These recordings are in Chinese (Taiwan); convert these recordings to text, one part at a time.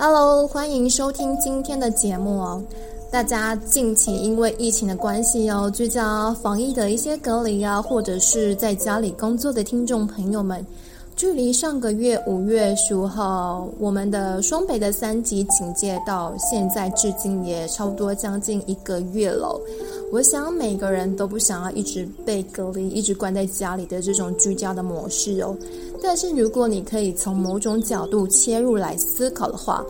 哈囉，Hello, 歡迎收聽今天的節目哦。大家近期因為疫情的關係哦，居家啊，防疫的一些隔離啊，或者是在家裡工作的聽眾朋友們，距離上個月五月十五號我們的雙北的三級警戒到現在至今也差不多將近一個月了。我想每個人都不想要一直被隔離，一直關在家裡的這種居家的模式哦。但是如果你可以從某種角度切入來思考的話，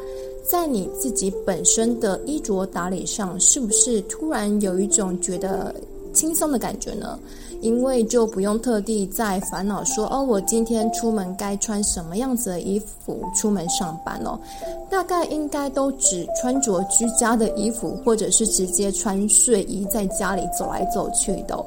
在你自己本身的衣着打理上，是不是突然有一種覺得輕鬆的感覺呢？因為就不用特地再煩惱說，哦，我今天出門該穿什麼樣子的衣服出門上班哦，大概應該都只穿着居家的衣服，或者是直接穿睡衣在家裡走來走去的哦。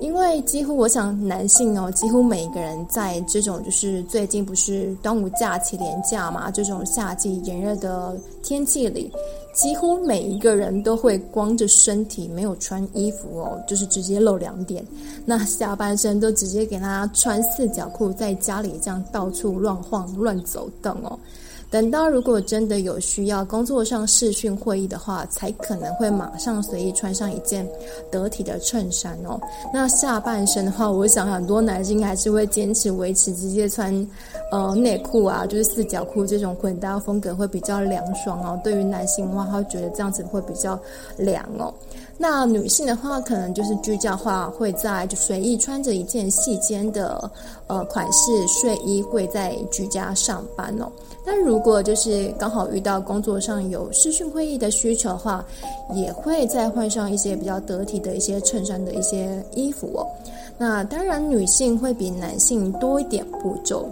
因為幾乎我想男性哦，幾乎每一個人在這種就是最近不是端午假期連假嘛，這種夏季炎熱的天氣裡，幾乎每一個人都會光着身體沒有穿衣服哦，就是直接露兩點，那下半身都直接給他穿四角褲，在家裡這樣到處亂晃亂走動哦。等到如果真的有需要工作上視訊會議的話，才可能會馬上隨意穿上一件得體的襯衫哦。那下半身的話，我想很多男性還是會堅持維持直接穿，呃，內褲啊，就是四角褲這種混搭風格會比較涼爽哦。對於男性的話，他會覺得這樣子會比較涼哦。那女性的話，可能就是居家的話會在就隨意穿着一件細肩的呃款式睡衣，會在居家上班哦。但如果就是剛好遇到工作上有視訊會議的需求的話，也會再換上一些比較得體的一些襯衫的一些衣服哦。那當然，女性會比男性多一點步驟。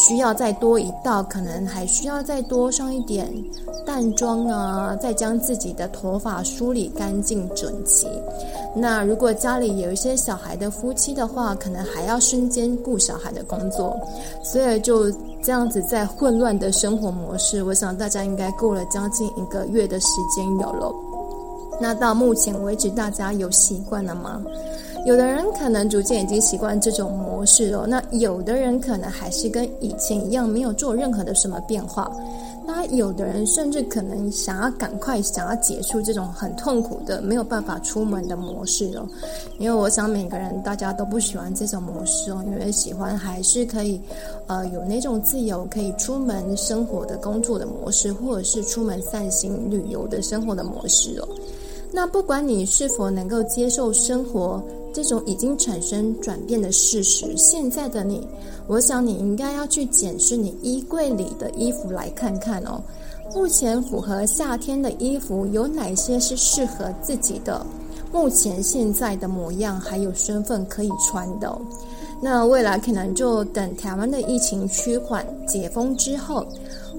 需要再多一道，可能還需要再多上一點淡妝啊，再將自己的頭髮梳理乾淨整齊。那如果家裡有一些小孩的夫妻的話，可能還要身兼顧小孩的工作，所以就這樣子在混亂的生活模式，我想大家應該過了將近一個月的時間有了。那到目前為止，大家有習慣了嗎？有的人可能逐漸已經習慣這種模式哦，那有的人可能還是跟以前一樣，沒有做任何的什麼變化。那有的人甚至可能想要趕快想要結束這種很痛苦的沒有辦法出門的模式哦，因為我想每個人大家都不喜歡這種模式哦，因為喜歡還是可以，呃，有那種自由可以出門生活的、工作的模式，或者是出門散心旅遊的生活的模式哦。那不管你是否能夠接受生活。這種已經產生轉變的事實，現在的你，我想你應該要去檢視你衣櫃裡的衣服，來看看哦。目前符合夏天的衣服有哪些是適合自己的？目前現在的模樣還有身份可以穿的，那未來可能就等台灣的疫情趨緩、解封之後。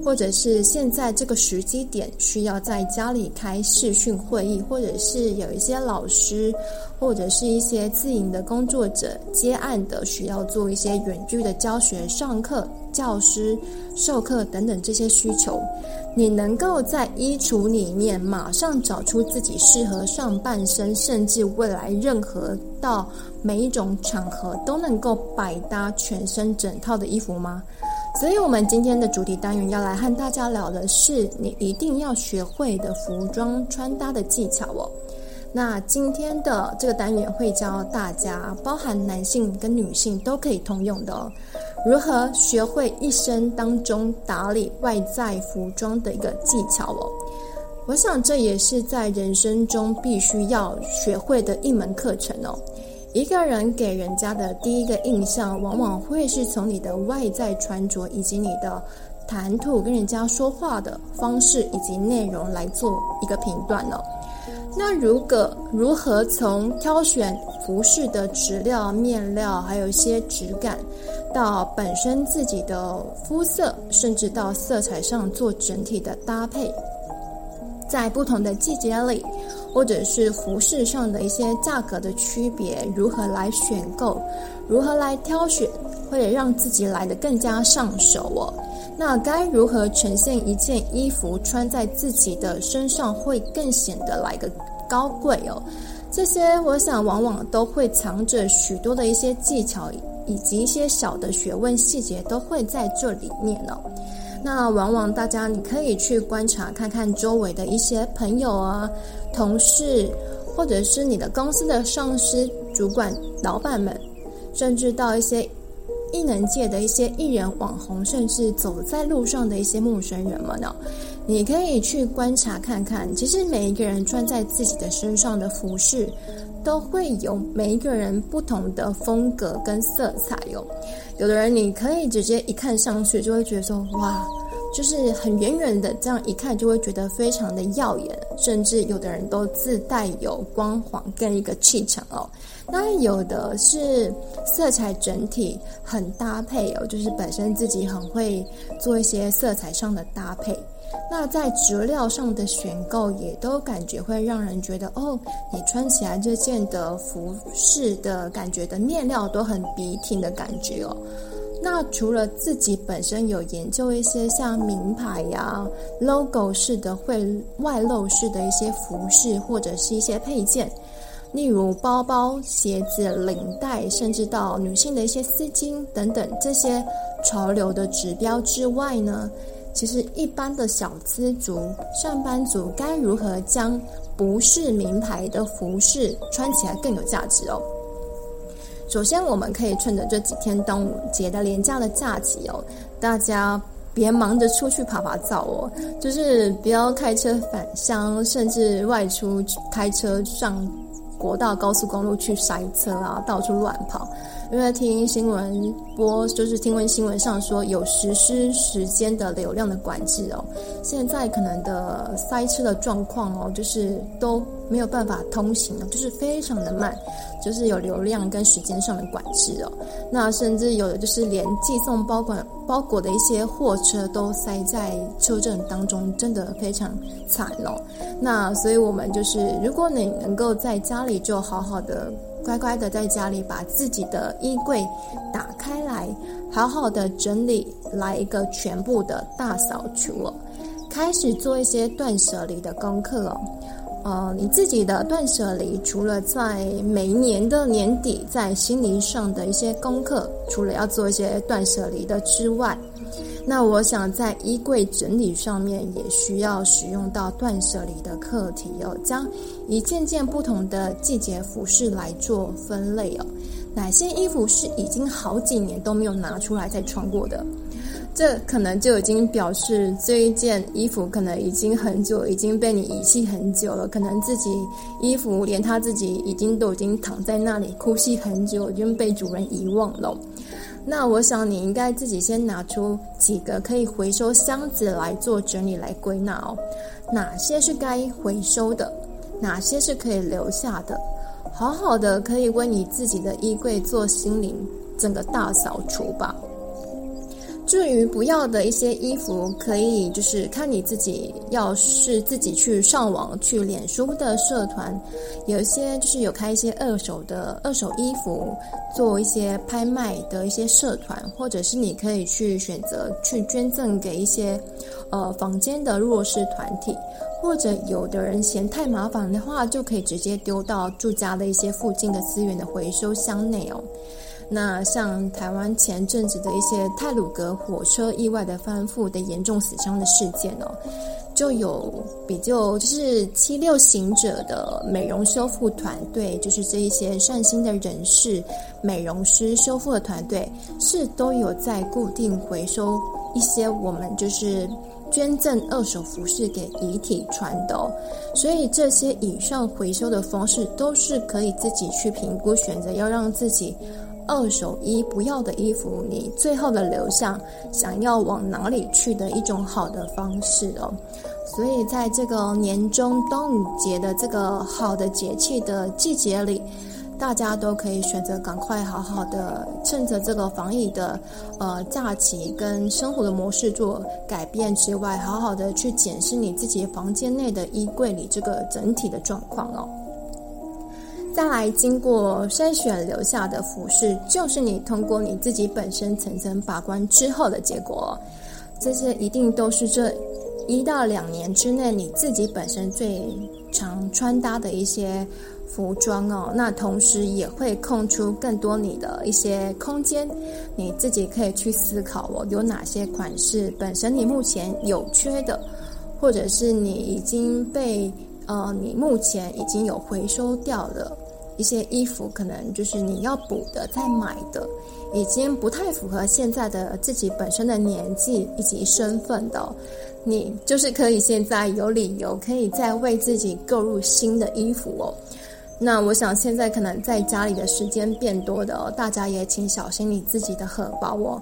或者是現在這個時機點，需要在家裡開視訊會議，或者是有一些老師，或者是一些自營的工作者接案的，需要做一些遠距的教學、上課、教師授課等等這些需求，你能夠在衣櫥裡面馬上找出自己適合上半身，甚至未來任何到每一種場合都能夠百搭全身整套的衣服嗎？所以，我們今天的主題單元要來和大家聊的是你一定要學會的服裝穿搭的技巧哦。那今天的這個單元會教大家，包含男性跟女性都可以通用的哦，如何學會一生當中打理外在服裝的一個技巧哦。我想這也是在人生中必須要學會的一門課程哦。一個人給人家的第一個印象，往往會是從你的外在穿着以及你的談吐跟人家說話的方式以及內容來做一個評斷了哦。那如果如何從挑選服飾的質量、面料，還有一些質感，到本身自己的膚色，甚至到色彩上做整體的搭配，在不同的季節裡。或者是服飾上的一些價格的區別，如何來選購，如何來挑選，會讓自己來得更加上手哦。那該如何呈現一件衣服穿在自己的身上會更顯得來個高貴哦？這些我想往往都會藏着許多的一些技巧，以及一些小的學問細節都會在這裡面哦。那往往大家你可以去觀察看看周圍的一些朋友啊、哦。同事，或者是你的公司的上司、主管、老闆們，甚至到一些藝能界的一些藝人、網紅，甚至走在路上的一些陌生人們呢，你可以去觀察看看。其實每一個人穿在自己的身上的服飾，都會有每一個人不同的風格跟色彩喲、哦。有的人你可以直接一看上去就會覺得說，哇。就是很遠遠的這樣一看，就會覺得非常的耀眼，甚至有的人都自帶有光環跟一個氣場哦。那有的是色彩整體很搭配哦，就是本身自己很會做一些色彩上的搭配。那在質料上的選購也都感覺會讓人覺得哦，你穿起來這件的服飾的感覺的面料都很筆挺的感覺哦。那除了自己本身有研究一些像名牌呀、啊、logo 式的會外露式的一些服飾或者是一些配件，例如包包、鞋子、領帶，甚至到女性的一些絲巾等等這些潮流的指標之外呢，其實一般的小資族、上班族該如何將不是名牌的服飾穿起來更有價值哦？首先，我們可以趁着這幾天端午節的連假的假期哦，大家別忙着出去趴趴走哦，就是不要開車返鄉，甚至外出開車上國道、高速公路去塞車啊，到處亂跑。因為聽新聞播，就是聽聞新聞上說有實施時間的流量的管制哦，現在可能的塞車的狀況哦，就是都。沒有辦法通行，就是非常的慢，就是有流量跟時間上的管制哦。那甚至有的就是連寄送包裹包裹的一些貨車都塞在車陣當中，真的非常慘哦。那所以我們就是，如果你能夠在家裡就好好的乖乖的在家裡把自己的衣櫃打開來，好好的整理，來一個全部的大掃除哦，開始做一些斷捨離的功課哦。呃、哦，你自己的斷捨離，除了在每一年的年底在心靈上的一些功課，除了要做一些斷捨離的之外，那我想在衣櫃整理上面也需要使用到斷捨離的課題哦，將一件件不同的季節服飾來做分類哦，哪些衣服是已經好幾年都沒有拿出來再穿過的。這可能就已經表示這一件衣服可能已經很久，已經被你遺棄很久了，可能自己衣服連它自己已經都已經躺在那裡哭泣很久，已經被主人遺忘了。那我想你應該自己先拿出幾個可以回收箱子來做整理，來歸納哦，哪些是該回收的，哪些是可以留下的，好好的可以為你自己的衣櫃做心靈整個大掃除吧。至於不要的一些衣服，可以就是看你自己，要是自己去上網、去臉書的社團，有一些就是有開一些二手的二手衣服做一些拍賣的一些社團，或者是你可以去選擇去捐贈給一些呃坊間的弱勢團體，或者有的人嫌太麻煩的話，就可以直接丟到住家的一些附近的資源的回收箱內哦。那像台灣前陣子的一些太魯閣火車意外的翻覆的嚴重死傷的事件哦，就有比較就是七六行者的美容修復團隊，就是這一些善心的人士，美容師修復的團隊是都有在固定回收一些我們就是捐贈二手服飾給遺體穿的哦，所以這些以上回收的方式都是可以自己去評估選擇，要讓自己。二手衣不要的衣服，你最後的流向想要往哪裡去的一種好的方式哦。所以在這個年終冬節的這個好的節氣的季節裡，大家都可以選擇趕快好好的，趁着這個防疫的呃假期跟生活的模式做改變之外，好好的去檢視你自己房間內的衣櫃裡這個整體的狀況哦。再來經過篩選留下的服飾，就是你通過你自己本身層層把關之後的結果哦。這些一定都是這一到兩年之內你自己本身最常穿搭的一些服裝哦。那同時也會空出更多你的一些空間，你自己可以去思考哦，有哪些款式本身你目前有缺的，或者是你已經被呃你目前已經有回收掉了。一些衣服可能就是你要補的，再買的，已經不太符合現在的自己本身的年紀以及身份的哦，你就是可以現在有理由可以再為自己購入新的衣服哦。那我想現在可能在家裡的時間變多的哦，大家也請小心你自己的荷包哦。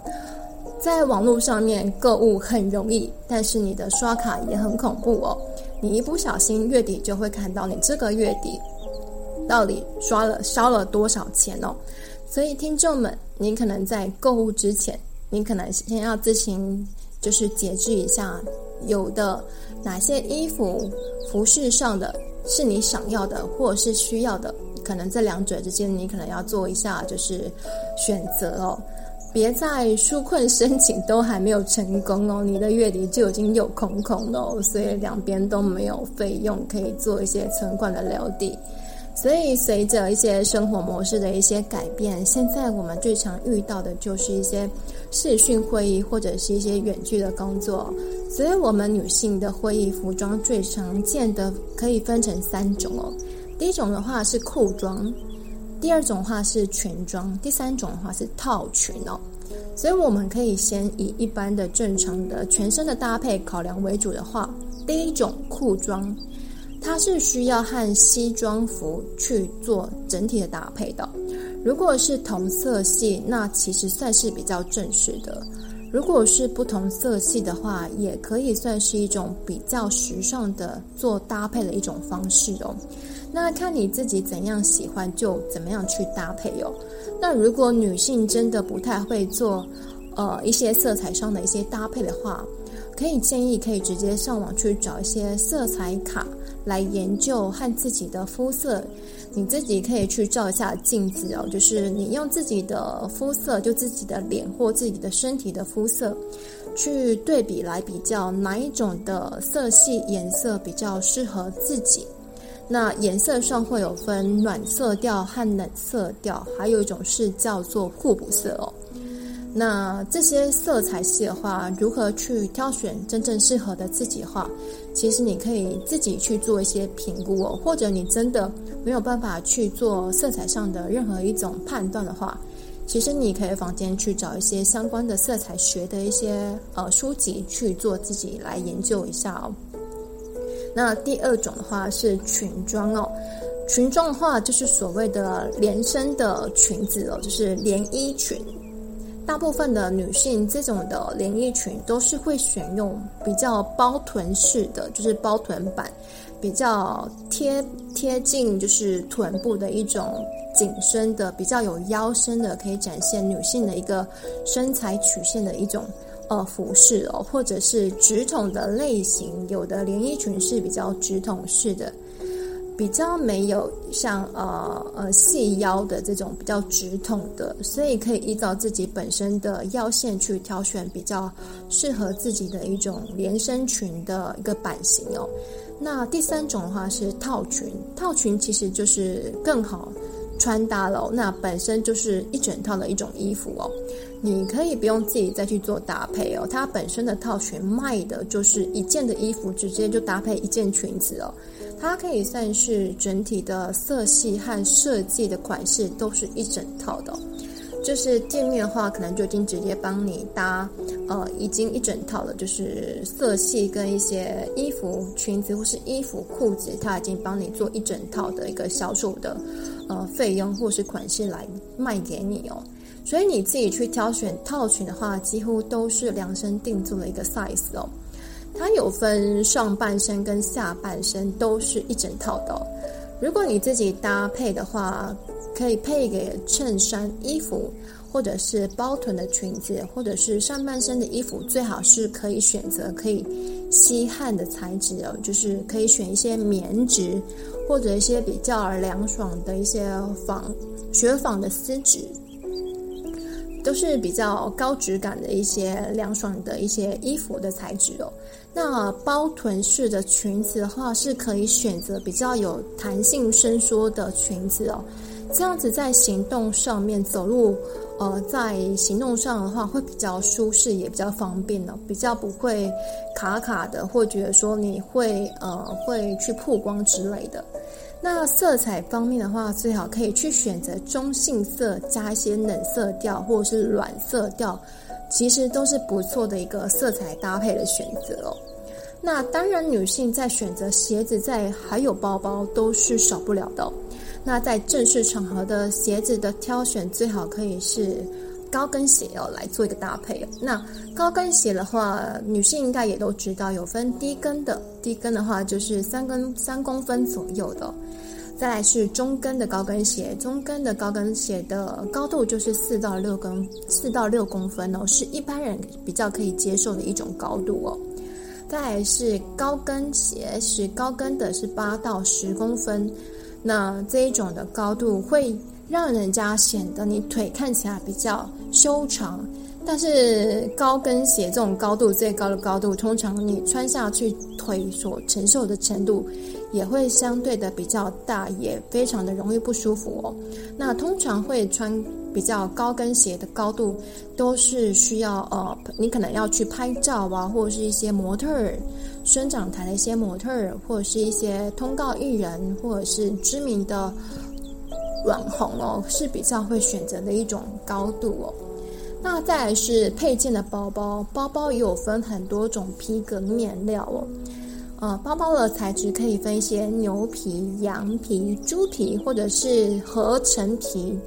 在網絡上面購物很容易，但是你的刷卡也很恐怖哦。你一不小心，月底就會看到你這個月底。到底刷了燒了多少錢哦？所以聽眾們，你可能在購物之前，你可能先要自行就是節制一下，有的哪些衣服、服飾上的，是你想要的或者是需要的，可能這兩者之間，你可能要做一下就是選擇哦。別在紓困申請都還沒有成功哦，你的月底就已經有空空了哦，所以兩邊都沒有費用可以做一些存款的留底。所以，隨着一些生活模式的一些改變，現在我們最常遇到的就是一些視訊會議或者是一些遠距的工作。所以，我們女性的會議服裝最常見的可以分成三種哦。第一種的話是褲裝，第二種的話是裙裝，第三種的話是套裙哦。所以，我們可以先以一般的正常的全身的搭配考量為主的話，第一種褲裝。它是需要和西裝服去做整體的搭配的。如果是同色系，那其實算是比較正式的；如果是不同色系的話，也可以算是一種比較時尚的做搭配的一種方式哦。那看你自己怎樣喜歡，就怎麼樣去搭配哦。那如果女性真的不太會做，呃，一些色彩上的一些搭配的話，可以建議可以直接上網去找一些色彩卡。來研究和自己的膚色，你自己可以去照一下鏡子哦。就是你用自己的膚色，就自己的臉或自己的身體的膚色，去對比來比較哪一種的色系顏色比較適合自己。那顏色上會有分暖色調和冷色調，還有一種是叫做互補色哦。那這些色彩系的話，如何去挑選真正適合的自己的話？其實你可以自己去做一些評估哦，或者你真的沒有辦法去做色彩上的任何一種判斷的話，其實你可以房間去找一些相關的色彩學的一些呃書籍去做自己來研究一下哦。那第二種的話是裙裝哦，裙裝的話就是所謂的連身的裙子哦，就是連衣裙。大部分的女性，這種的連衣裙都是會選用比較包臀式的，就是包臀版，比較貼貼近就是臀部的一種緊身的、比較有腰身的，可以展現女性的一個身材曲線的一種呃服飾哦，或者是直筒的類型，有的連衣裙是比較直筒式的。比較沒有像呃呃細腰的這種比較直筒的，所以可以依照自己本身的腰線去挑選比較適合自己的一種連身裙的一個版型哦。那第三種的話是套裙，套裙其實就是更好穿搭了哦，那本身就是一整套的一種衣服哦，你可以不用自己再去做搭配哦，它本身的套裙賣的就是一件的衣服，直接就搭配一件裙子哦。它可以算是整體的色系和設計的款式都是一整套的哦，就是店面的話，可能就已經直接幫你搭，呃，已經一整套了，就是色系跟一些衣服、裙子或是衣服、褲子，它已經幫你做一整套的一個銷售的，呃，費用或是款式來賣給你哦。所以你自己去挑選套裙的話，幾乎都是量身定做的一個 size 哦。它有分上半身跟下半身，都是一整套的哦。如果你自己搭配的話，可以配一個襯衫、衣服，或者是包臀的裙子，或者是上半身的衣服，最好是可以選擇可以吸汗的材質哦，就是可以選一些棉質，或者一些比較涼爽的一些紡、雪紡的絲質，都是比較高質感的一些涼爽的一些衣服的材質哦。那包臀式的裙子的話，是可以選擇比較有彈性伸縮的裙子哦，這樣子在行動上面走路，呃，在行動上的話會比較舒適，也比較方便哦。比較不會卡卡的，或覺得說你會呃會去曝光之類的。那色彩方面的話，最好可以去選擇中性色加一些冷色調或者是暖色調，其實都是不錯的一個色彩搭配的選擇哦。那當然，女性在選擇鞋子，在還有包包都是少不了的哦。那在正式場合的鞋子的挑選，最好可以是高跟鞋哦，來做一個搭配。那高跟鞋的話，女性應該也都知道，有分低跟的。低跟的話，就是三根三公分左右的哦。再來是中跟的高跟鞋，中跟的高跟鞋的高度就是四到六公四到六公分哦，是一般人比較可以接受的一種高度哦。再是高跟鞋，是高跟的，是八到十公分，那這一種的高度會讓人家顯得你腿看起來比較修長，但是高跟鞋這種高度最高的高度，通常你穿下去腿所承受的程度，也會相對的比較大，也非常的容易不舒服哦。那通常會穿比較高跟鞋的高度，都是需要呃，你可能要去拍照啊，或者是一些模特兒、伸展台的一些模特兒，或者是一些通告藝人，或者是知名的網紅哦，是比較會選擇的一種高度哦。那再來是配件的包包，包包也有分很多種皮革面料哦。呃，包包的材質可以分一些牛皮、羊皮、豬皮，或者是合成皮。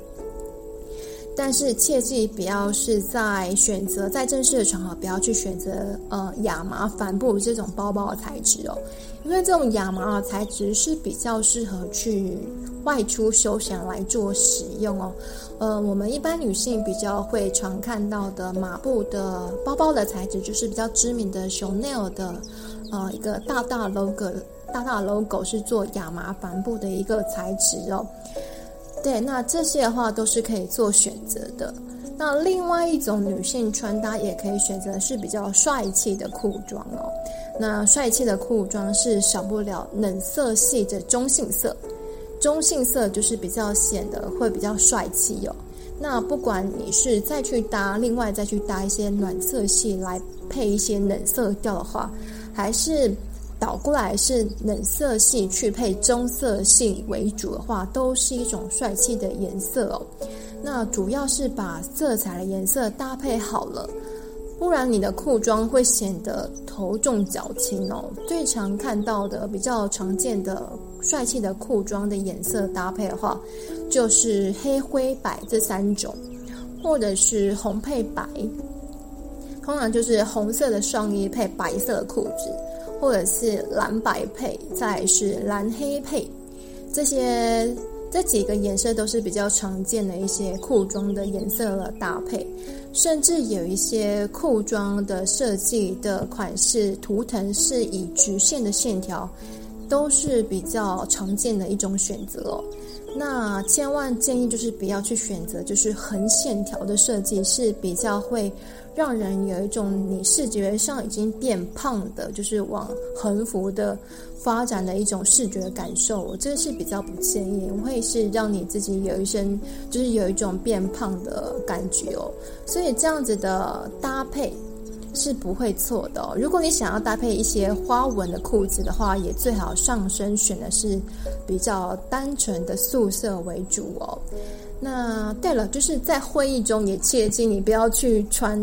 但是切記不要是在選擇在正式的場合，不要去選擇呃亞麻、帆布這種包包的材質哦，因為這種亞麻的材質是比較適合去外出休閒來做使用哦。呃，我們一般女性比較會常看到的麻布的包包的材質，就是比較知名的香奈兒的。啊，一個大大 logo，大大 logo 是做亞麻帆布的一個材質哦。對，那這些的話都是可以做選擇的。那另外一種女性穿搭也可以選擇的是比較帥氣的褲裝哦。那帥氣的褲裝是少不了冷色系的中性色，中性色就是比較顯得會比較帥氣哦。那不管你是再去搭，另外再去搭一些暖色系來配一些冷色調的話，還是倒過來是冷色系去配棕色系為主的話，都是一種帥氣的顏色哦。那主要是把色彩的顏色搭配好了，不然你的褲裝會顯得頭重腳輕哦。最常看到的、比較常見的帥氣的褲裝的顏色搭配的話，就是黑、灰、白這三種，或者是紅配白。通常就是紅色的上衣配白色的褲子，或者是藍白配，再是藍黑配，這些這幾個顏色都是比較常見的一些褲裝的顏色的搭配。甚至有一些褲裝的設計的款式圖騰是以直線的線條，都是比較常見的一種選擇哦。那千萬建議就是不要去選擇，就是橫線條的設計是比較會。讓人有一種你視覺上已經變胖的，就是往橫幅的發展的一種視覺感受，我這是比較不建議，會是讓你自己有一身就是有一種變胖的感覺哦。所以這樣子的搭配是不會錯的哦。如果你想要搭配一些花紋的褲子的話，也最好上身選的是比較單純的素色為主哦。那對了，就是在會議中也切記，你不要去穿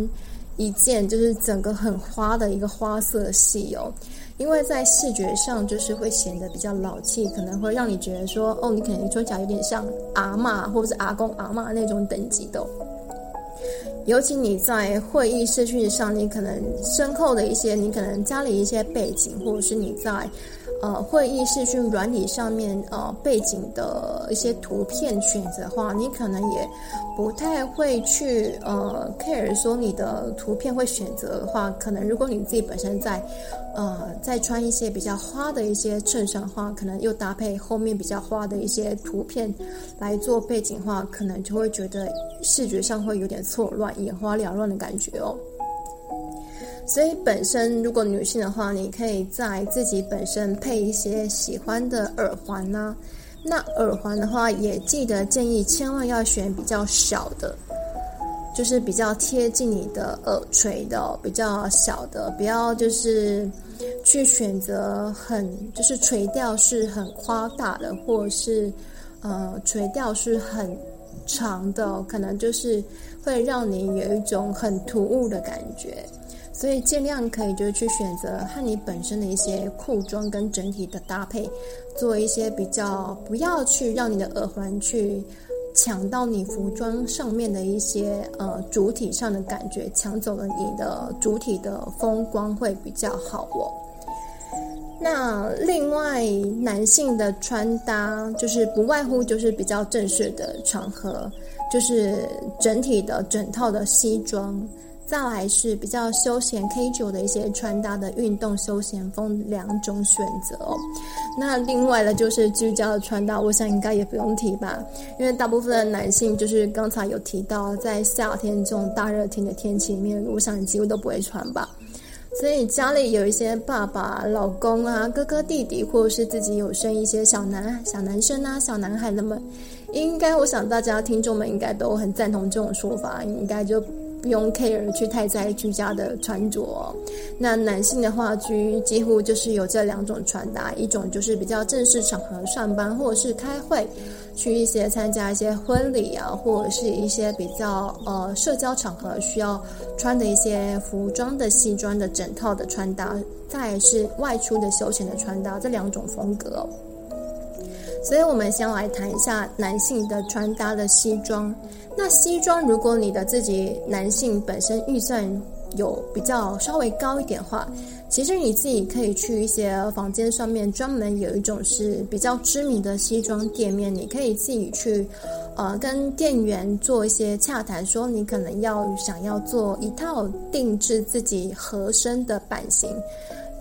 一件就是整個很花的一個花色系哦，因為在視覺上就是會顯得比較老氣，可能會讓你覺得說，哦，你可能穿起來有點像阿嬤或者是阿公阿嬤那種等級的，哦。尤其你在會議視訊上，你可能身後的一些，你可能家裡一些背景，或者是你在。呃，會議視訊軟體上面，呃，背景的一些圖片選擇的話，你可能也不太會去呃 care 說你的圖片會選擇的話，可能如果你自己本身在，呃，再穿一些比較花的一些襯衫的話，可能又搭配後面比較花的一些圖片來做背景的話，可能就會覺得視覺上會有點錯亂，眼花繚亂的感覺哦。所以，本身如果女性的話，你可以在自己本身配一些喜歡的耳環吶、啊，那耳環的話，也記得建議千萬要選比較小的，就是比較貼近你的耳垂的、哦，比較小的，不要就是去選擇很就是垂吊是很誇大的，或是呃垂吊是很長的、哦，可能就是會讓你有一種很突兀的感覺。所以盡量可以就是去選擇和你本身的一些褲裝跟整體的搭配做一些比較，不要去讓你的耳環去搶到你服裝上面的一些呃主體上的感覺，搶走了你的主體的風光會比較好哦。那另外男性的穿搭就是不外乎就是比較正式的場合，就是整體的整套的西裝，再來是比較休閒 K 九的一些穿搭的運動休閒風兩種選擇哦。那另外呢，就是居家的穿搭，我想應該也不用提吧，因為大部分的男性就是剛才有提到，在夏天這種大熱天的天氣裡面，我想幾乎都不會穿吧。所以家裡有一些爸爸、啊、老公啊、哥哥、弟弟，或者是自己有生一些小男小男生啊、小男孩的們，應該我想大家聽眾們應該都很贊同這種說法，應該就。不用 care 去太在意居家的穿着哦，那男性的話，居幾乎就是有這兩種穿搭，一種就是比較正式場合上班或者是開會，去一些參加一些婚禮啊，或者是一些比較呃社交場合需要穿的一些服裝的西裝的整套的穿搭，再是外出的休閒的穿搭，這兩種風格哦。所以我們先來談一下男性的穿搭的西裝。那西裝，如果你的自己男性本身預算有比較稍微高一點的話，其實你自己可以去一些房間上面專門有一種是比較知名的西裝店面，你可以自己去，呃，跟店員做一些洽談，說你可能要想要做一套定制自己合身的版型，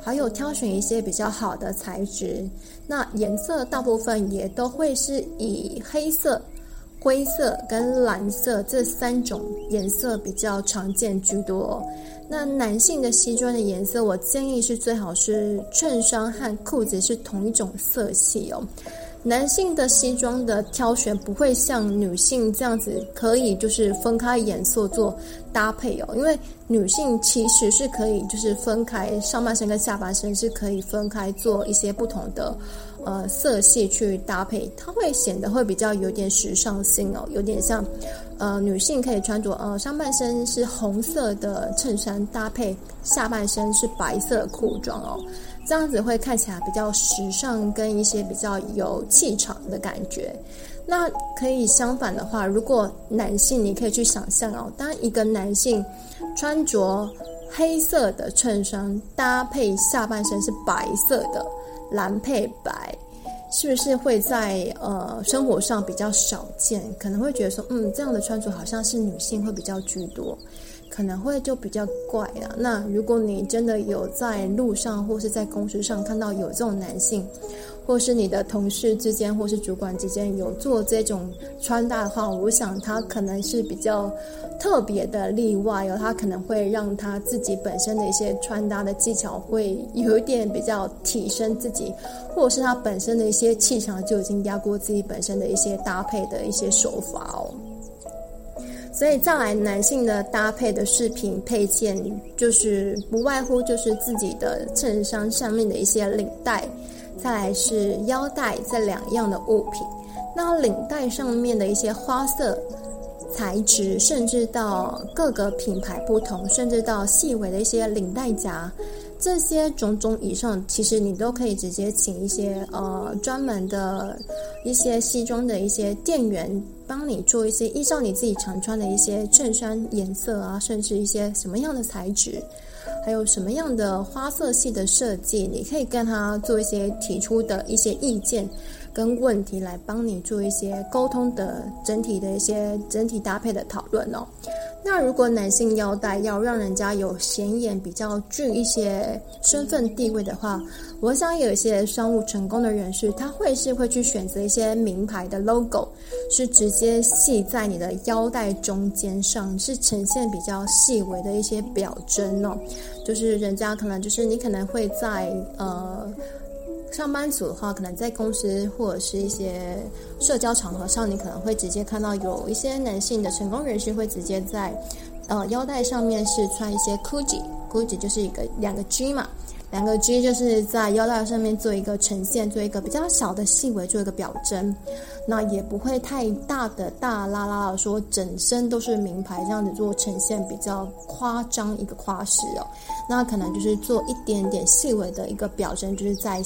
還有挑選一些比較好的材質。那顏色大部分也都會是以黑色。灰色跟藍色這三種顏色比較常見居多哦。那男性的西裝的顏色，我建議是最好是襯衫和褲子是同一種色系哦。男性的西裝的挑選不會像女性這樣子，可以就是分開顏色做搭配哦。因為女性其實是可以就是分開上半身跟下半身是可以分開做一些不同的。呃，色系去搭配，它會顯得會比較有點時尚性哦，有點像，呃，女性可以穿着呃上半身是紅色的襯衫搭配下半身是白色的褲裝哦，這樣子會看起來比較時尚，跟一些比較有氣場的感覺。那可以相反的話，如果男性你可以去想象哦，當一個男性穿着黑色的襯衫搭配下半身是白色的。藍配白，是不是會在呃生活上比較少見？可能會覺得說，嗯，這樣的穿着好像是女性會比較居多。可能會就比較怪了。那如果你真的有在路上或是在公司上看到有這種男性，或是你的同事之間或是主管之間有做這種穿搭的話，我想他可能是比較特別的例外哦。他可能會讓他自己本身的一些穿搭的技巧會有一點比較提升自己，或者是他本身的一些氣場就已經壓過自己本身的一些搭配的一些手法哦。所以再來男性的搭配的飾品配件，就是不外乎就是自己的襯衫上面的一些領帶，再來是腰帶這兩樣的物品。那領帶上面的一些花色、材質，甚至到各個品牌不同，甚至到細微的一些領帶夾。這些種種以上，其實你都可以直接請一些呃專門的一些西裝的一些店員幫你做一些依照你自己常穿的一些襯衫顏色啊，甚至一些什麼樣的材質，還有什麼樣的花色系的設計，你可以跟他做一些提出的一些意見。跟問題來幫你做一些溝通的整體的一些整體搭配的討論哦。那如果男性腰帶要讓人家有顯眼，比較具一些身份地位的話，我想有一些商務成功的人士，他會是會去選擇一些名牌的 logo，是直接繫在你的腰帶中間上，是呈現比較細微的一些表徵哦。就是人家可能就是你可能會在呃。上班族的話，可能在公司或者是一些社交場合上，你可能會直接看到有一些男性的成功人士會直接在，呃，腰帶上面是穿一些 Gucci，Gucci 就是一個兩個 G 嘛。兩個 G 就是在腰帶上面做一個呈現，做一個比較小的細微，做一個表徵，那也不會太大的大啦啦說整身都是名牌這樣子做呈現比較誇張，一個誇飾哦，那可能就是做一點點細微的一個表徵，就是在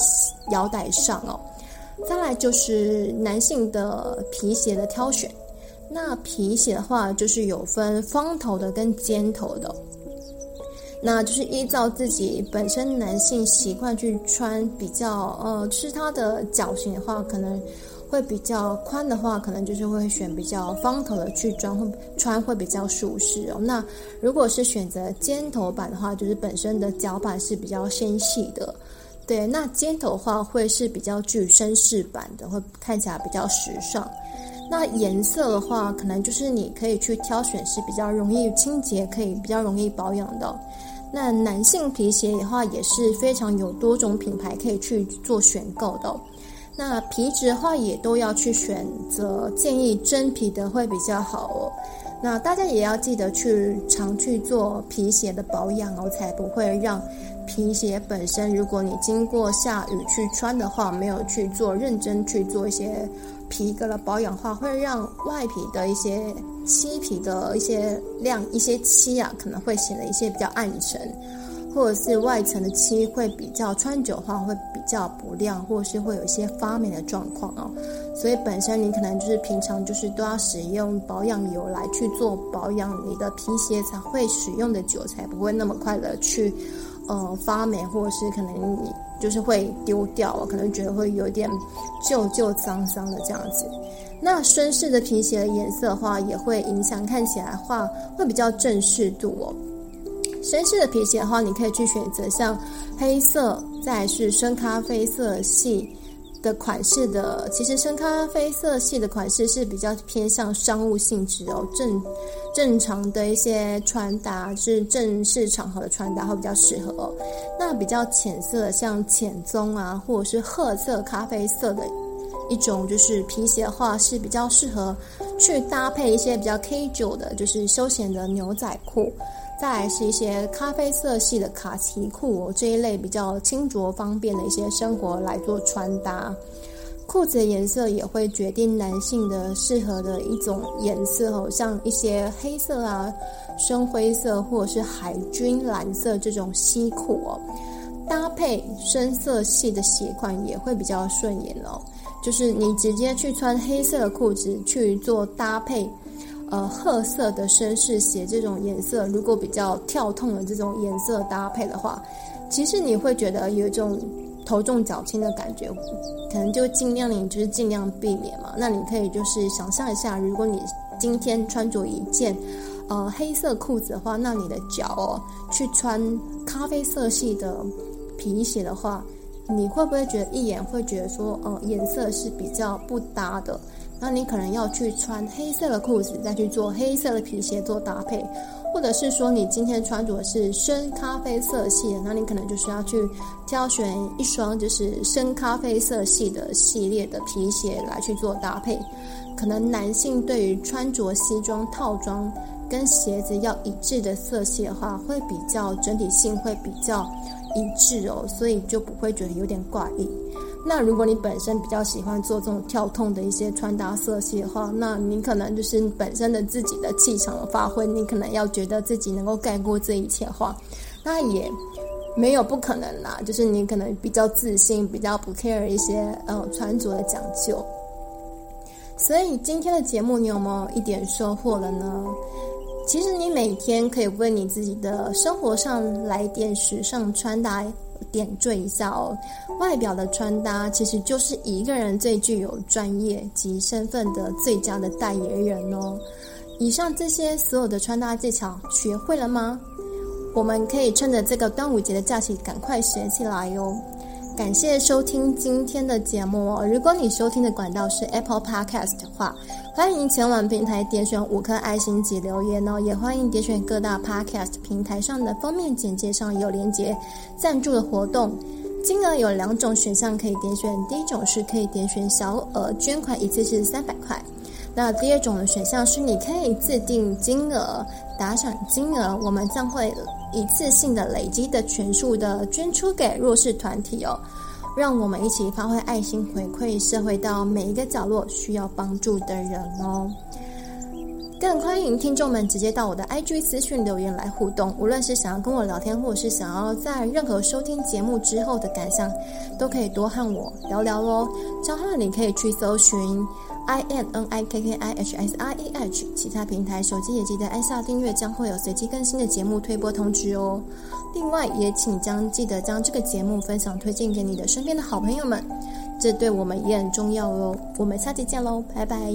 腰帶上哦。再來就是男性的皮鞋的挑選，那皮鞋的話就是有分方頭的跟尖頭的。那就是依照自己本身男性習慣去穿，比較呃，就是他的腳型的話，可能會比較寬的話，可能就是會選比較方頭的去裝會，穿會比較舒適哦。那如果是選擇尖頭版的話，就是本身的腳板是比較纖細的，對，那尖頭的話會是比較具紳士版的，會看起來比較時尚。那顏色的話，可能就是你可以去挑選是比較容易清潔，可以比較容易保養的哦。那男性皮鞋的話也是非常有多種品牌可以去做選購的哦，那皮質的話也都要去選擇，建議真皮的會比較好哦。那大家也要記得去常去做皮鞋的保養哦，才不會讓皮鞋本身，如果你經過下雨去穿的話，沒有去做認真去做一些。皮革的保養話，會讓外皮的一些漆皮的一些亮一些漆啊，可能會顯得一些比較暗沉，或者是外層的漆會比較穿久話會比較不亮，或者是會有一些發霉的狀況哦。所以本身你可能就是平常就是都要使用保養油來去做保養，你的皮鞋才會使用的久，才不會那麼快的去呃發霉，或者是可能你。就是會丟掉，我可能覺得會有點舊舊髒髒的這樣子。那紳士的皮鞋的顏色的話，也會影響看起來話會比較正式度哦。紳士的皮鞋的話，你可以去選擇像黑色，再是深咖啡色系，的款式的其實深咖啡色系的款式是比較偏向商務性質哦，正正常的一些穿搭是正式場合的穿搭會比較適合哦。那比較淺色，像淺棕啊，或者是褐色、咖啡色的一種，就是皮鞋的話是比較適合去搭配一些比較 casual 的，就是休閒的牛仔褲。再來是一些咖啡色系的卡其褲哦，這一類比較輕著方便的一些生活來做穿搭。褲子的顏色也會決定男性的適合的一種顏色哦，像一些黑色啊、深灰色或者是海軍藍色這種西褲哦，搭配深色系的鞋款也會比較順眼哦。就是你直接去穿黑色的褲子去做搭配。呃，褐色的紳士鞋這種顏色，如果比較跳痛的這種顏色搭配的話，其實你會覺得有一種頭重腳輕的感覺，可能就盡量你就是盡量避免嘛。那你可以就是想象一下，如果你今天穿着一件呃黑色褲子的話，那你的腳哦去穿咖啡色系的皮鞋的話，你會不會覺得一眼會覺得說，呃，顏色是比較不搭的？那你可能要去穿黑色的褲子，再去做黑色的皮鞋做搭配，或者是說你今天穿着是深咖啡色系的，那你可能就是要去挑選一雙就是深咖啡色系的系列的皮鞋來去做搭配。可能男性對於穿着西裝套裝跟鞋子要一致的色系的話，會比較整體性會比較一致哦，所以就不會覺得有點怪異。那如果你本身比較喜歡做這種跳痛的一些穿搭色系的話，那你可能就是你本身的自己的氣場的發揮，你可能要覺得自己能夠蓋過這一切的話，那也沒有不可能啦。就是你可能比較自信，比較不 care 一些呃穿着的講究。所以今天的節目你有沒有一點收穫了呢？其實你每天可以為你自己的生活上來點時尚穿搭。點綴一下哦，外表的穿搭其實就是一個人最具有專業及身份的最佳的代言人哦。以上這些所有的穿搭技巧學會了嗎？我們可以趁着這個端午節的假期趕快學起來哦。感謝收聽今天的節目哦。如果你收聽的管道是 Apple Podcast 的話，歡迎前往平台點選五顆愛心及留言哦。也歡迎點選各大 Podcast 平台上的封面簡介上有連接贊助的活動，金額有兩種選項可以點選。第一種是可以點選小額捐款，一次是三百塊。那第二種的選項是你可以自定金額打賞金額，我們將會，一次性的累積的全數的捐出給弱勢團體哦，讓我們一起發揮愛心回饋社會，到每一個角落需要幫助的人哦。更歡迎聽眾們直接到我的 IG 私訊留言來互動，無論是想要跟我聊天，或者是想要在任何收聽節目之後的感想，都可以多和我聊聊哦。賬號你可以去搜尋。i n n i k k i h s i a、e、h，其他平台手機也記得按下訂閱，將會有隨機更新的節目推播通知哦。另外也請將記得將這個節目分享推薦給你的身邊的好朋友們，這對我們也很重要哦。我們下期見嘍，拜拜。